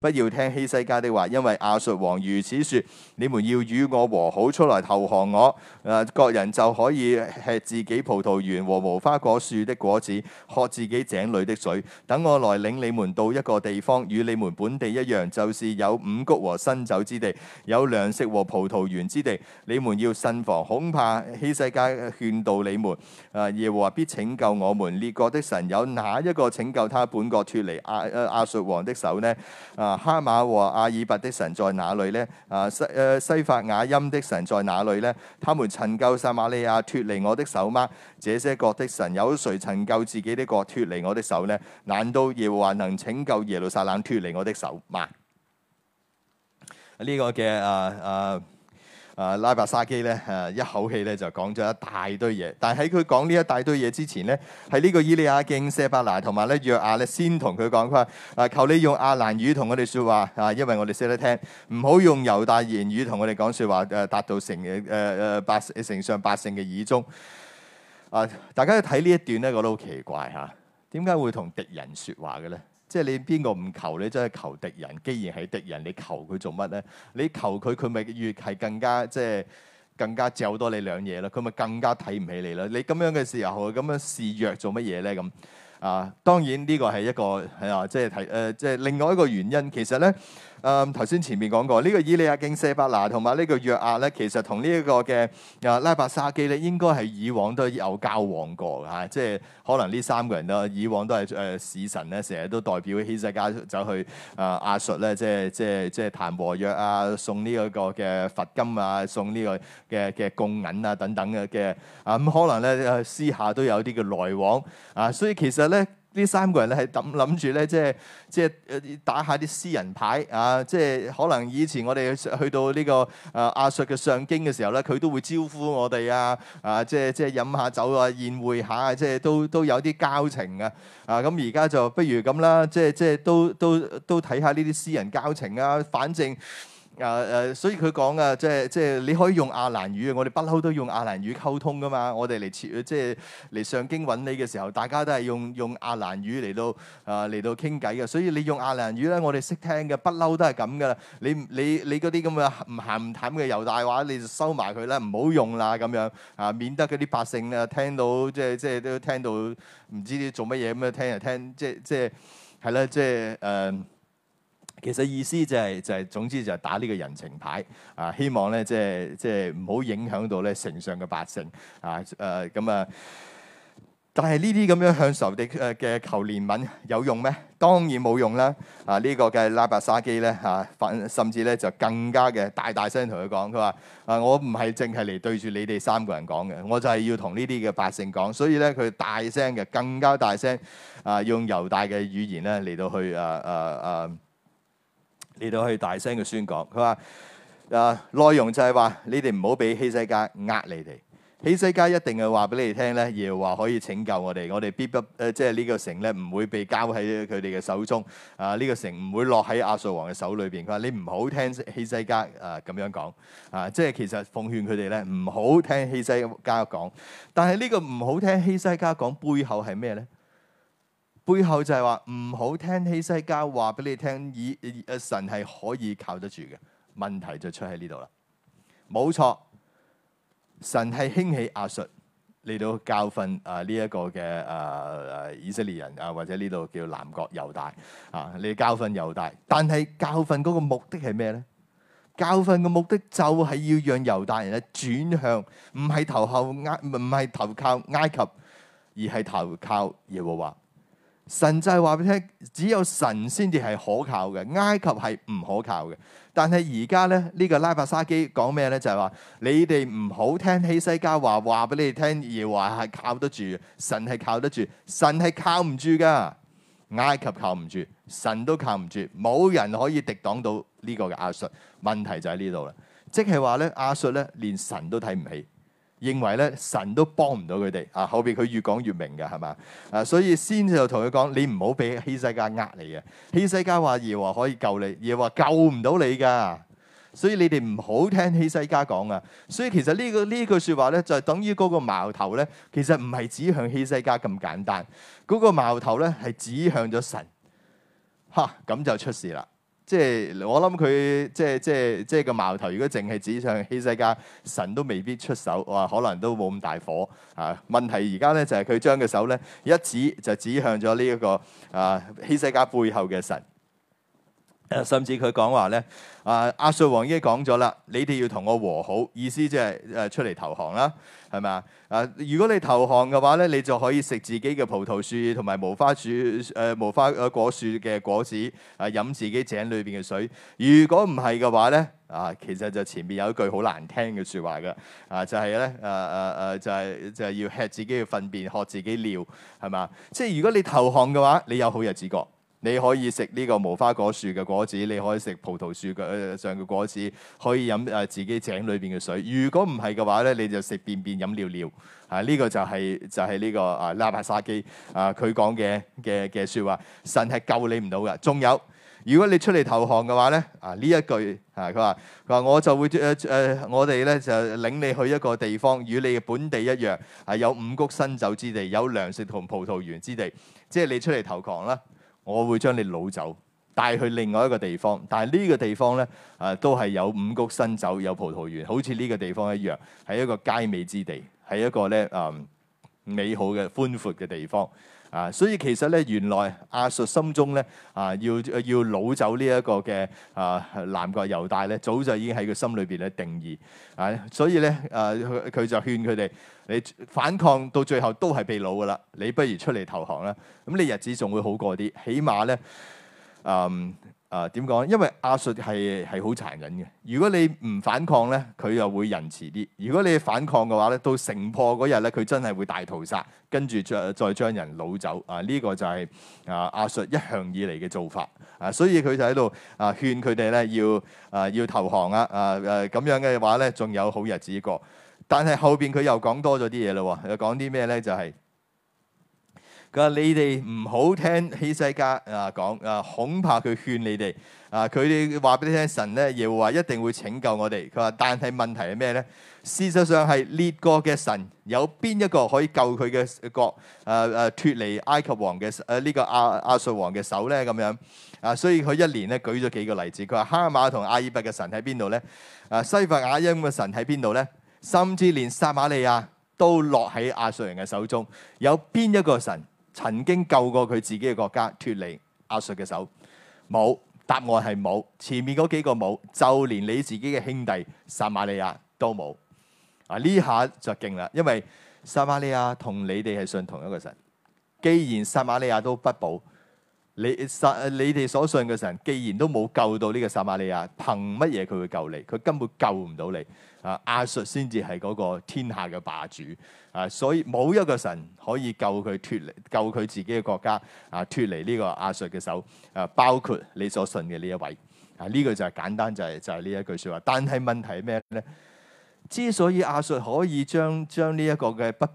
不要聽希西家的話，因為亞述王如此說：你們要與我和好，出來投降我。誒、呃，各人就可以吃自己葡萄園和無花果樹的果子，喝自己井裏的水。等我來領你們到一個地方，與你們本地一樣，就是有五穀和新酒之地，有糧食和葡萄園之地。你們要慎防，恐怕希西家勸導你們。啊！耶和華必拯救我們。列國的神有哪一個拯救他本國脫離阿誒亞述王的手呢？啊，哈馬和阿爾拔的神在哪裏呢？啊，西啊西法雅音的神在哪裏呢？他們曾救撒瑪利亞脫離我的手嗎？這些國的神有誰曾救自己的國脫離我的手呢？難道耶和華能拯救耶路撒冷脫離我的手嗎？呢個嘅啊啊！啊啊！拉伯沙基咧，啊一口氣咧就講咗一大堆嘢。但係喺佢講呢一大堆嘢之前咧，喺呢個以利亞敬、舍伯拿同埋咧約亞咧，先同佢講，佢話啊，求你用亞蘭語同我哋說話啊，因為我哋識得聽，唔好用猶大言語同我哋講說話誒，達、啊、到成誒誒百城上百姓嘅耳中啊！大家睇呢一段咧，我覺得好奇怪吓，點、啊、解會同敵人說話嘅咧？即係你邊個唔求你，真係求敵人。既然係敵人，你求佢做乜咧？你求佢，佢咪越係更加即係更加嚼多你兩嘢咯？佢咪更加睇唔起你咯？你咁樣嘅時候咁樣示弱做乜嘢咧？咁啊，當然呢個係一個係啊，即係提誒，即係另外一個原因。其實咧。誒頭先前面講過呢、這個以利亞敬西伯拿同埋呢個約亞咧，其實同呢一個嘅啊拉伯沙基咧，應該係以往都有交往過嘅嚇、啊，即係可能呢三個人啦，以往都係誒使臣咧，成、呃、日都代表希西家走去、呃、啊亞述咧，即係即係即係談和約啊，送呢個嘅罰金啊，送呢個嘅嘅供銀啊等等嘅嘅啊，咁、嗯、可能咧私下都有啲嘅來往啊，所以其實咧。呢三個人咧係諗諗住咧，即係即係打，打下啲私人牌啊！即係可能以前我哋去，去到呢、這個阿亞述嘅上京嘅時候咧，佢都會招呼我哋啊！啊，即係即係飲下酒啊，宴會下啊，即係都都有啲交情啊！啊，咁而家就不如咁啦，即係即係都都都睇下呢啲私人交情啊，反正。啊誒，uh, 所以佢講啊，即係即係你可以用亞蘭語啊，我哋不嬲都用亞蘭語溝通噶嘛，我哋嚟切即係嚟上京揾你嘅時候，大家都係用用亞蘭語嚟到啊嚟、uh, 到傾偈嘅，所以你用亞蘭語咧，我哋識聽嘅，不嬲都係咁噶啦。你你你嗰啲咁嘅唔鹹唔淡嘅猶大話，你就收埋佢啦，唔好用啦咁樣啊，uh, 免得嗰啲百姓咧聽到即係即係都聽到唔知啲做乜嘢咁樣聽就聽，即係即係係啦，即係誒。就是 uh, 其實意思就係總之就係打呢個人情牌啊，希望咧即係即係唔好影響到咧城上嘅百姓啊誒咁啊！但係呢啲咁樣向仇敵誒嘅求憐憫有用咩？當然冇用啦！啊呢個嘅拉伯沙基咧啊，甚至咧就更加嘅大大聲同佢講，佢話：啊我唔係淨係嚟對住你哋三個人講嘅，我就係要同呢啲嘅百姓講。所以咧佢大聲嘅，更加大聲啊，用猶大嘅語言咧嚟到去啊啊啊！啊啊你都可以大聲嘅宣講，佢話：誒內容就係話，你哋唔好俾希西家呃你哋。希西家一定係話俾你哋聽咧，耶和華可以拯救我哋，我哋必不誒，即係呢個城咧，唔會被交喺佢哋嘅手中。啊，呢個城唔會落喺亞述王嘅手裏邊。佢話你唔好聽希西家誒咁樣講。啊，即係其實奉勸佢哋咧，唔好聽希西家講。但係呢個唔好聽希西家講背後係咩咧？背後就係話唔好聽希西家話俾你聽，以神係可以靠得住嘅。問題就出喺呢度啦，冇錯。神係興起亞述嚟到教訓啊呢一個嘅啊，啊以色列人啊或者呢度叫南國猶大啊嚟教訓猶大，但係教訓嗰個目的係咩咧？教訓嘅目的就係要讓猶大人啊轉向，唔係投靠埃唔係投靠埃及，而係投靠耶和華。神就係話俾你聽，只有神先至係可靠嘅，埃及係唔可靠嘅。但係而家咧？呢、這個拉伯沙基講咩咧？就係、是、話你哋唔好聽希西家話話俾你哋聽，耶華係靠得住，神係靠得住，神係靠唔住噶，埃及靠唔住，神都靠唔住，冇人可以抵擋到呢個嘅亞述。問題就喺呢度啦，即係話咧亞述咧連神都睇唔起。認為咧神都幫唔到佢哋啊。後邊佢越講越明嘅係嘛啊，所以先至就同佢講，你唔好俾希西家呃你嘅 *music* 希西家話耶華話可以救你，耶華話救唔到你噶。所以你哋唔好聽希西家講啊。所以其實呢個呢句說話咧就等於嗰個矛頭咧，其實唔係指向希西家咁簡單，嗰、嗰個矛頭咧係指向咗神。吓咁就出事啦。即係我諗佢即係即係即係個矛頭，如果淨係指向希西家，神都未必出手，哇可能都冇咁大火啊。問題而家咧就係、是、佢將個手咧一指就指向咗呢一個啊希西家背後嘅神。甚至佢講話咧，啊亞述王已經講咗啦，你哋要同我和好，意思即係誒出嚟投降啦，係咪？啊，如果你投降嘅話咧，你就可以食自己嘅葡萄樹同埋無花樹誒無花果樹嘅果子，啊飲自己井裏邊嘅水。如果唔係嘅話咧，啊其實就前面有一句好難聽嘅説話嘅，啊就係咧誒誒誒就係就係要吃自己嘅糞便，喝自己尿，係咪？即係如果你投降嘅話，你有好日子過。你可以食呢個無花果樹嘅果子，你可以食葡萄樹嘅上嘅果子，可以飲誒自己井裏邊嘅水。如果唔係嘅話咧，你就食便便飲尿尿啊！呢、這個就係、是、就係、是、呢、這個啊拉伯沙基啊，佢講嘅嘅嘅説話，神係救你唔到噶。仲有，如果你出嚟投降嘅話咧啊，呢一句啊，佢話佢話我就會誒誒、啊，我哋咧就領你去一個地方，與你嘅本地一樣係、啊、有五穀新酒之地，有糧食同葡萄園之地，即係你出嚟投降啦。我會將你攞走，帶去另外一個地方。但係呢個地方咧，誒、啊、都係有五穀新酒，有葡萄園，好似呢個地方一樣，係一個佳美之地，係一個咧誒。嗯美好嘅寬闊嘅地方啊，所以其實咧，原來亞述心中咧啊，要要擄走呢一個嘅啊南國猶大咧，早就已經喺佢心裏邊咧定義啊，所以咧啊，佢就勸佢哋，你反抗到最後都係被擄噶啦，你不如出嚟投降啦，咁你日子仲會好過啲，起碼咧嗯。啊，點講？因為阿術係係好殘忍嘅。如果你唔反抗咧，佢又會仁慈啲；如果你反抗嘅話咧，到城破嗰日咧，佢真係會大屠殺，跟住再再將人擄走。啊，呢個就係啊阿術一向以嚟嘅做法。啊，所以佢就喺度啊勸佢哋咧要啊要投降啊，啊誒咁樣嘅話咧，仲有好日子過。但係後邊佢又講多咗啲嘢嘞喎，又講啲咩咧？就係。佢話：你哋唔好聽希西家啊講啊，恐怕佢勸你哋啊。佢哋話：俾你聽，神咧亦會話一定會拯救我哋。佢話：但係問題係咩咧？事實上係列國嘅神有邊一個可以救佢嘅國？誒、啊、誒、啊，脱離埃及王嘅誒呢個阿亞述王嘅手咧？咁樣啊，所以佢一年咧舉咗幾個例子。佢話：哈馬同阿爾伯嘅神喺邊度咧？啊，西伯亞音嘅神喺邊度咧？甚至連撒瑪利亞都落喺亞述人嘅手中，有邊一個神，曾經救過佢自己嘅國家脱離亞述嘅手，冇答案係冇。前面嗰幾個冇，就連你自己嘅兄弟撒瑪利亞都冇。啊，呢下就勁啦，因為撒瑪利亞同你哋係信同一個神。既然撒瑪利亞都不保，你撒、你哋所信嘅神，既然都冇救到呢個撒瑪利亞，憑乜嘢佢會救你？佢根本救唔到你。啊！亞述先至係嗰個天下嘅霸主啊，所以冇一個神可以救佢脱離，救佢自己嘅國家啊脱離呢個亞述嘅手啊，包括你所信嘅呢一位啊，呢個就係簡單就係就係呢一句説話。但係問題係咩咧？之所以亞述可以將將呢一個嘅北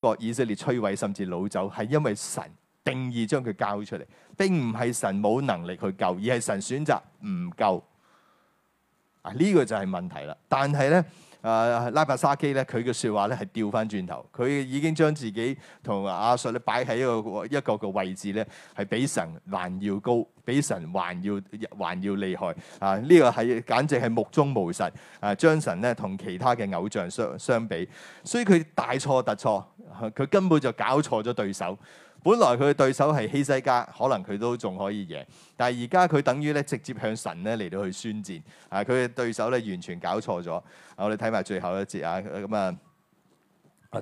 國以色列摧毀甚至老走，係因為神定意將佢交出嚟，並唔係神冇能力去救，而係神選擇唔救。呢、啊這個就係問題啦。但係咧，阿、啊、拉伯沙基咧，佢嘅説話，咧係掉翻轉頭。佢已經將自己同阿術咧擺喺個一個嘅位置咧，係比神還要高，比神還要還要厲害。啊！呢、這個係簡直係目中無神，啊，將神咧同其他嘅偶像相相比，所以佢大錯特錯，佢、啊、根本就搞錯咗對手。本來佢嘅對手係希西家，可能佢都仲可以贏，但係而家佢等於咧直接向神咧嚟到去宣戰，啊，佢嘅對手咧完全搞錯咗，我哋睇埋最後一節啊，咁啊。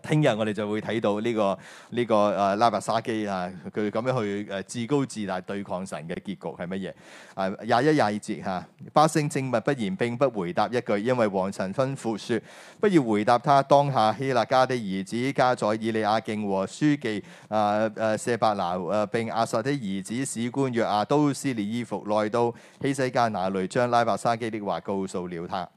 聽日我哋就會睇到呢、這個呢、這個誒、啊、拉伯沙基啊，佢咁樣去誒、啊、自高自大對抗神嘅結局係乜嘢？啊廿一廿二節嚇，百姓靜默不言，並不回答一句，因為王曾吩咐說：不要回答他。當下希勒家的兒子家宰以利亞敬和書記啊誒舍伯那誒並亞撒的兒子史官約亞、啊、都撕裂衣服來到希西家那裡，將拉伯沙基的話告訴了他。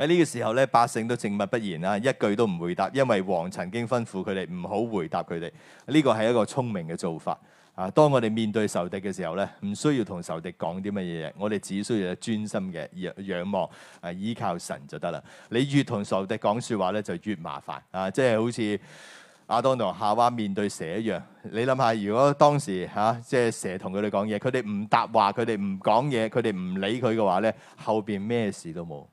喺呢個時候咧，百姓都靜默不言啦，一句都唔回答，因為王曾經吩咐佢哋唔好回答佢哋。呢個係一個聰明嘅做法啊！當我哋面對仇敵嘅時候咧，唔需要同仇敵講啲乜嘢嘢，我哋只需要專心嘅仰仰望，係、啊、依靠神就得啦。你越同仇敵講説話咧，就越麻煩啊！即係好似亞當同夏娃面對蛇一樣。你諗下，如果當時嚇、啊、即係蛇同佢哋講嘢，佢哋唔答話，佢哋唔講嘢，佢哋唔理佢嘅話咧，後邊咩事都冇。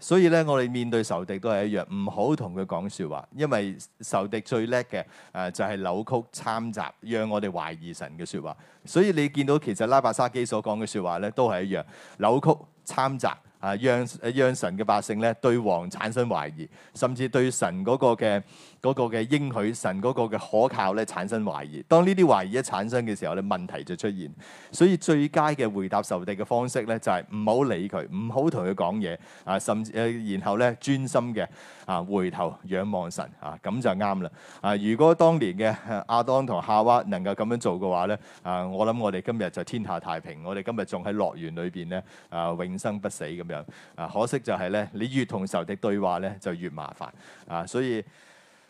所以咧，我哋面對仇敵都係一樣，唔好同佢講説話，因為仇敵最叻嘅誒就係扭曲摻雜，讓我哋懷疑神嘅説話。所以你見到其實拉伯沙基所講嘅説話咧，都係一樣扭曲摻雜。啊，讓誒讓神嘅百姓咧對王產生懷疑，甚至對神嗰個嘅嗰個嘅應許，神嗰個嘅可靠咧產生懷疑。當呢啲懷疑一產生嘅時候咧，問題就出現。所以最佳嘅回答仇敵嘅方式咧，就係唔好理佢，唔好同佢講嘢啊，甚至誒，然後咧專心嘅啊，回頭仰望神啊，咁就啱啦。啊，如果當年嘅亞當同夏娃能夠咁樣做嘅話咧，啊，我諗我哋今日就天下太平，我哋今日仲喺樂園裏邊咧啊，永生不死咁樣。啊！可惜就係咧，你越同仇敵對話咧，就越麻煩啊！所以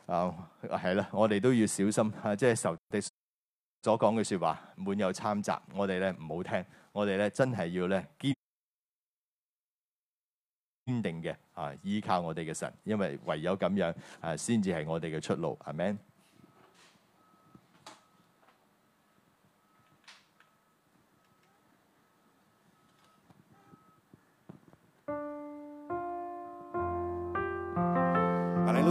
啊，係啦，我哋都要小心啊，即係仇敵所講嘅説話滿有參雜，我哋咧唔好聽，我哋咧真係要咧堅堅定嘅啊，依靠我哋嘅神，因為唯有咁樣啊，先至係我哋嘅出路。係咪？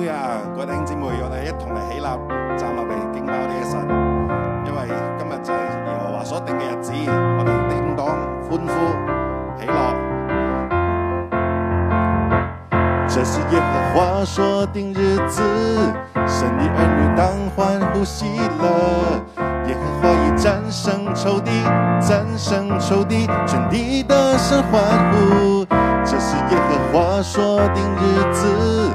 啊！各位弟兄兄姊妹，我哋一同嚟起立、站立嚟敬拜我哋嘅神，因為今日就係耶和華所定嘅日子，我哋弟兄黨歡呼起落，這是耶和華所定日子，神的兒女當歡呼喜樂。耶和華已戰勝仇敵，戰勝仇敵，全地得勝歡呼。這是耶和華所定日子。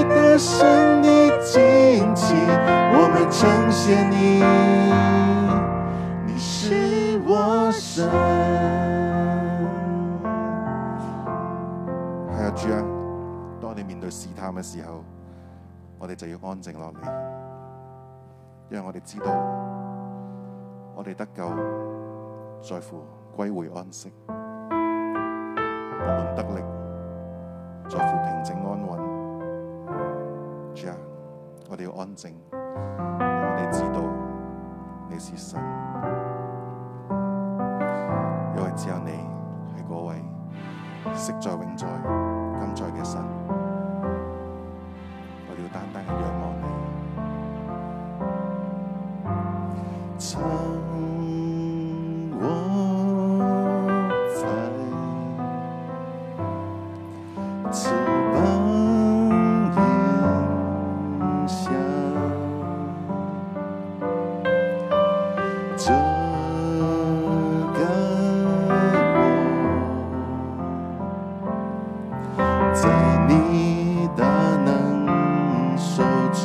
神的近前，我們稱謝你。你是我神。係啊，主啊！當我哋面對試探嘅時候，我哋就要安靜落嚟，因為我哋知道，我哋得救在乎歸回安息，我們得力在乎平靜安穩。Yeah. 我哋要安靜，我哋知道你是神，因為只有你係嗰位昔在、永在、今在嘅神。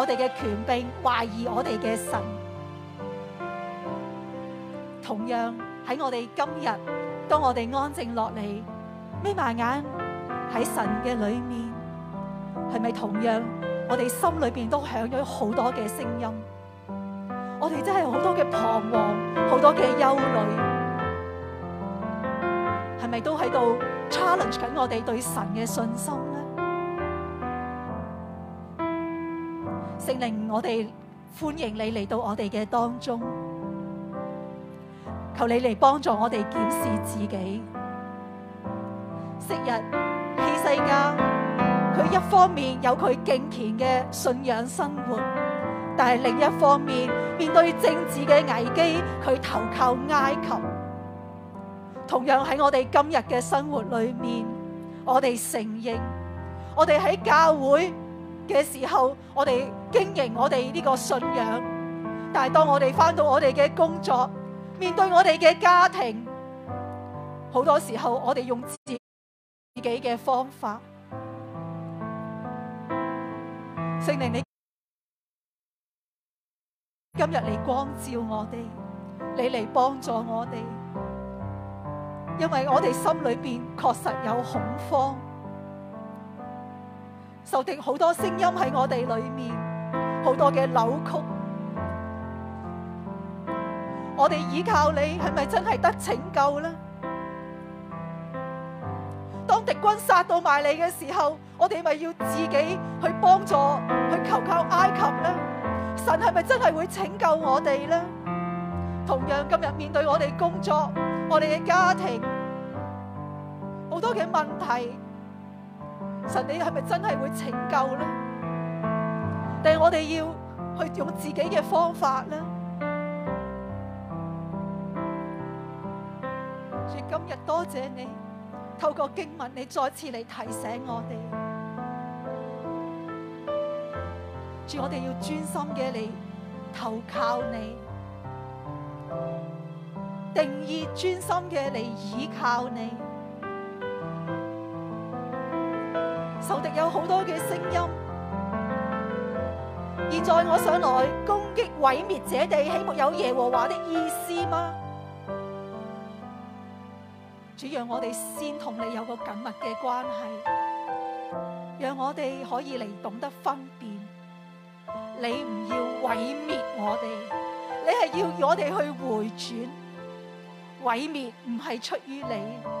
我哋嘅權柄懷疑我哋嘅神，同樣喺我哋今日，當我哋安靜落嚟，眯埋眼喺神嘅裏面，係咪同樣我哋心裏邊都響咗好多嘅聲音？我哋真係好多嘅彷徨，好多嘅憂慮，係咪都喺度 challenge 緊我哋對神嘅信心咧？令我哋歡迎你嚟到我哋嘅當中，求你嚟幫助我哋檢視自己。昔日希西家，佢一方面有佢敬虔嘅信仰生活，但係另一方面面對政治嘅危機，佢投靠埃及。同樣喺我哋今日嘅生活裏面，我哋承認，我哋喺教會。嘅時候，我哋經營我哋呢個信仰，但係當我哋返到我哋嘅工作，面對我哋嘅家庭，好多時候我哋用自己嘅方法。聖靈，你今日嚟光照我哋，你嚟幫助我哋，因為我哋心裏邊確實有恐慌。受定好多聲音喺我哋裏面，好多嘅扭曲。我哋依靠你，係咪真係得拯救呢？當敵軍殺到埋嚟嘅時候，我哋咪要自己去幫助，去求靠埃及呢？神係咪真係會拯救我哋呢？同樣今日面對我哋工作、我哋嘅家庭，好多嘅問題。神，你係咪真係會拯救呢？定係我哋要去用自己嘅方法呢？主，今日多謝你，透過經文，你再次嚟提醒我哋。主，我哋要專心嘅嚟投靠你，定義專心嘅嚟倚靠你。仇敵有好多嘅聲音，現在我上來攻擊毀滅者地，豈沒有耶和華的意思嗎？主，讓我哋先同你有個緊密嘅關係，讓我哋可以嚟懂得分辨。你唔要毀滅我哋，你係要我哋去回轉。毀滅唔係出於你。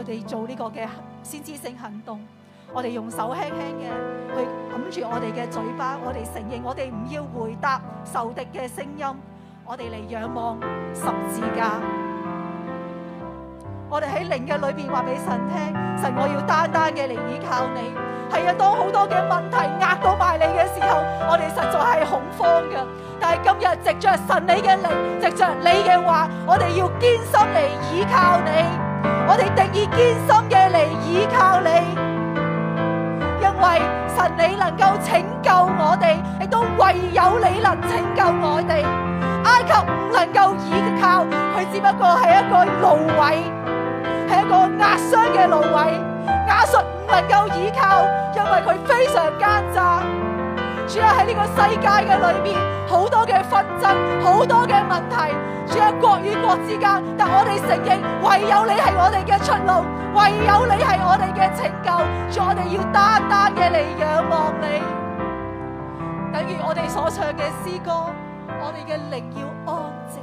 我哋做呢個嘅先知性行動，我哋用手輕輕嘅去揞住我哋嘅嘴巴，我哋承認，我哋唔要回答仇敵嘅聲音，我哋嚟仰望十字架。我哋喺靈嘅裏邊話俾神聽，神，我要單單嘅嚟依靠你。係啊，當好多嘅問題壓到埋你嘅時候，我哋實在係恐慌㗎。但係今日藉着神你嘅靈，藉着你嘅話，我哋要堅心嚟依靠你。我哋定意堅心嘅嚟倚靠你，因為神你能夠拯救我哋，亦都唯有你能拯救我哋。埃及唔能夠倚靠，佢只不過係一個蘆葦，係一個壓傷嘅蘆葦。亞述唔能夠倚靠，因為佢非常奸詐。主喺呢個世界嘅裏邊，好多嘅紛爭，好多嘅問題，主喺國與國之間。但我哋承認，唯有你係我哋嘅出路，唯有你係我哋嘅拯救。我哋要單單嘅嚟仰望你。等於我哋所唱嘅詩歌，我哋嘅靈要安靜。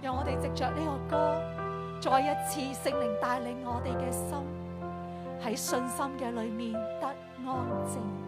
讓我哋藉着呢個歌，再一次聖靈帶領我哋嘅心喺信心嘅裏面得安靜。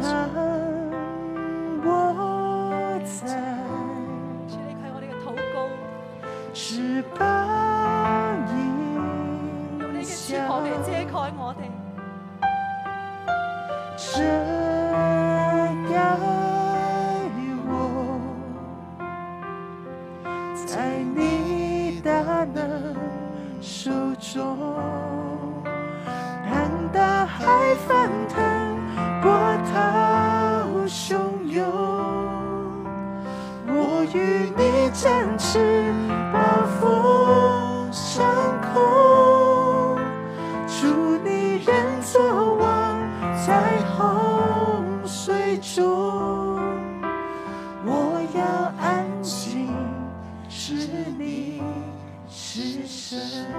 常我在，是把你用你嘅翅膀嚟遮蓋我哋。 *noise* *noise* 三尺八風上空，祝你人作王在洪水中。我要安靜，是你是神。神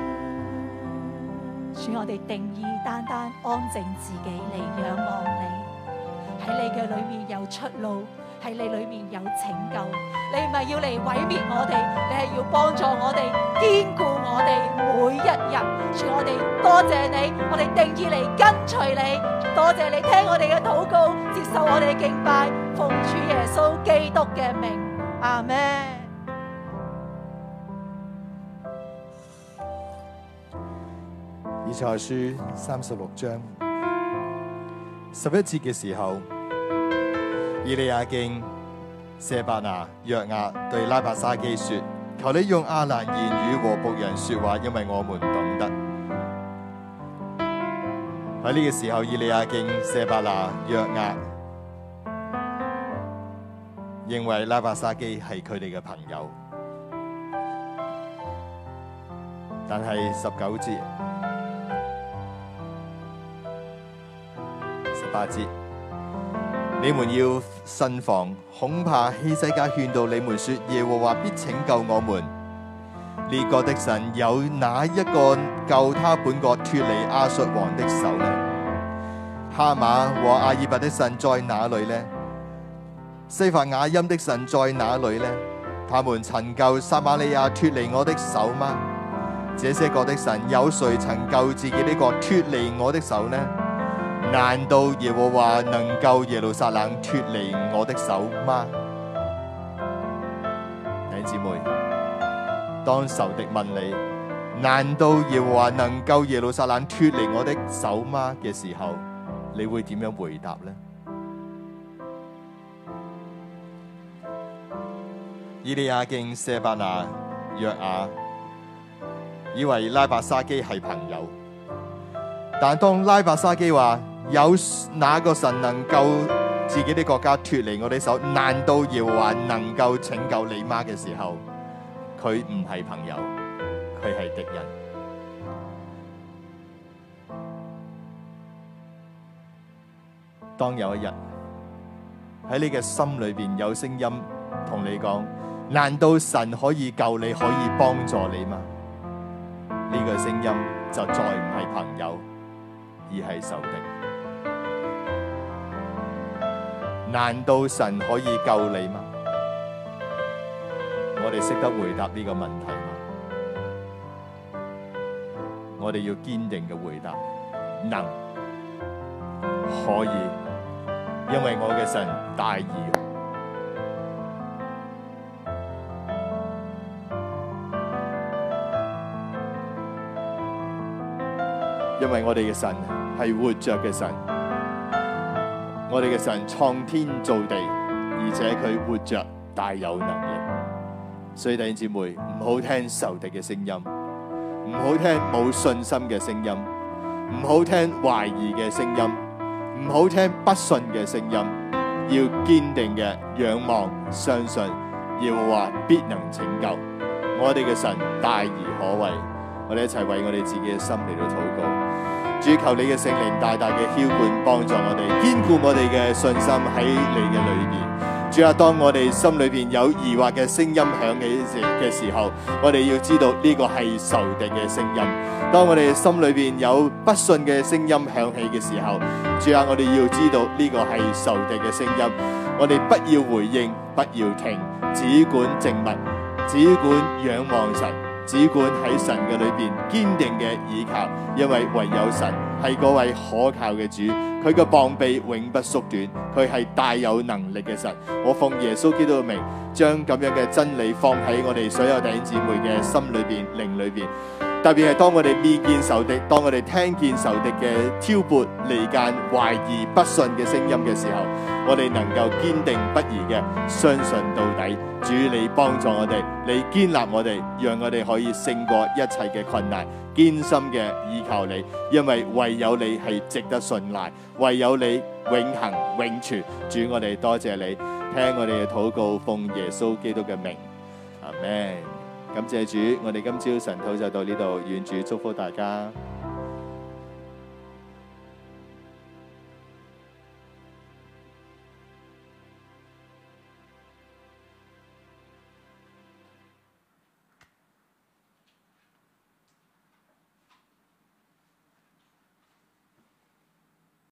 主，我哋定意單單安靜自己嚟仰望你，喺你嘅裏面有出路。係你裏面有拯救，你唔係要嚟毀滅我哋，你係要幫助我哋堅固我哋每一日。願我哋多謝你，我哋定意嚟跟隨你。多謝你聽我哋嘅禱告，接受我哋嘅敬拜，奉主耶穌基督嘅名，阿門。以賽書三十六章十一節嘅時候。以利亞敬舍伯那約亞對拉伯沙基說：求你用亞蘭言語和僕人說話，因為我們懂得。喺呢個時候，以利亞敬舍伯那約亞認為拉伯沙基係佢哋嘅朋友，但係十九節，十八節。 *music* *music* *music* 你們要慎防，恐怕希西家勸導你們說：耶和華必拯救我們。列國的神有哪一個救他本國脫離亞述王的手呢？哈馬和亞珥拔的神在哪裏呢？西法雅音的神在哪裏呢？他們曾救撒瑪利亞脫離我的手嗎？這些國的神有誰曾救自己嘅國脫離我的手呢？難道耶和華能夠耶路撒冷脱離我的手嗎？弟兄姊妹，當仇敵問你難道耶和華能夠耶路撒冷脱離我的手嗎嘅時候，你會點樣回答呢？以利亞敬舍伯那約亞以為拉伯沙基係朋友，但當拉伯沙基話。.有哪個神能夠自己的國家脫離我的手？難道要還能夠拯救你媽嘅時候，佢唔係朋友，佢係敵人。當有一日喺你嘅心裏邊有聲音同你講：難道神可以救你，可以幫助你嗎？呢個聲音就再唔係朋友，而係仇敵。難道神可以救你嗎？我哋識得回答呢個問題嗎？我哋要堅定嘅回答，能，可以，因為我嘅神大義，因為我哋嘅神係活着嘅神。我哋嘅神創天造地，而且佢活着大有能力，所以弟兄姊妹唔好聽仇敵嘅聲音，唔好聽冇信心嘅聲音，唔好聽懷疑嘅聲音，唔好聽不信嘅聲音，要堅定嘅仰望、相信，要話必能拯救。我哋嘅神大而可畏，我哋一齊為我哋自己嘅心嚟到禱告。主，求你嘅聖靈大大嘅澆灌幫助我哋，堅固我哋嘅信心喺你嘅裏面。主啊，當我哋心裏邊有疑惑嘅聲音響起嘅時候，我哋要知道呢個係仇敵嘅聲音；當我哋心裏邊有不信嘅聲音響起嘅時候，主啊，我哋要知道呢個係仇敵嘅聲音。我哋不要回應，不要停，只管靜默，只管仰望神。只管喺神嘅裏邊堅定嘅倚靠，因為唯有神係嗰位可靠嘅主，佢嘅膀臂永不縮短，佢係大有能力嘅神。我奉耶穌基督嘅名，將咁樣嘅真理放喺我哋所有弟兄姊妹嘅心裏邊、靈裏邊。特別係當我哋面見仇敵，當我哋聽見仇敵嘅挑撥、離間、懷疑、不信嘅聲音嘅時候，我哋能夠堅定不移嘅相信到底，主你幫助我哋，你堅立我哋，讓我哋可以勝過一切嘅困難，堅心嘅依靠你，因為唯有你係值得信賴，唯有你永恒永存。主我哋多謝你，聽我哋嘅禱告，奉耶穌基督嘅名，阿門。感謝主，我哋今朝晨禱就到呢度，願主祝福大家。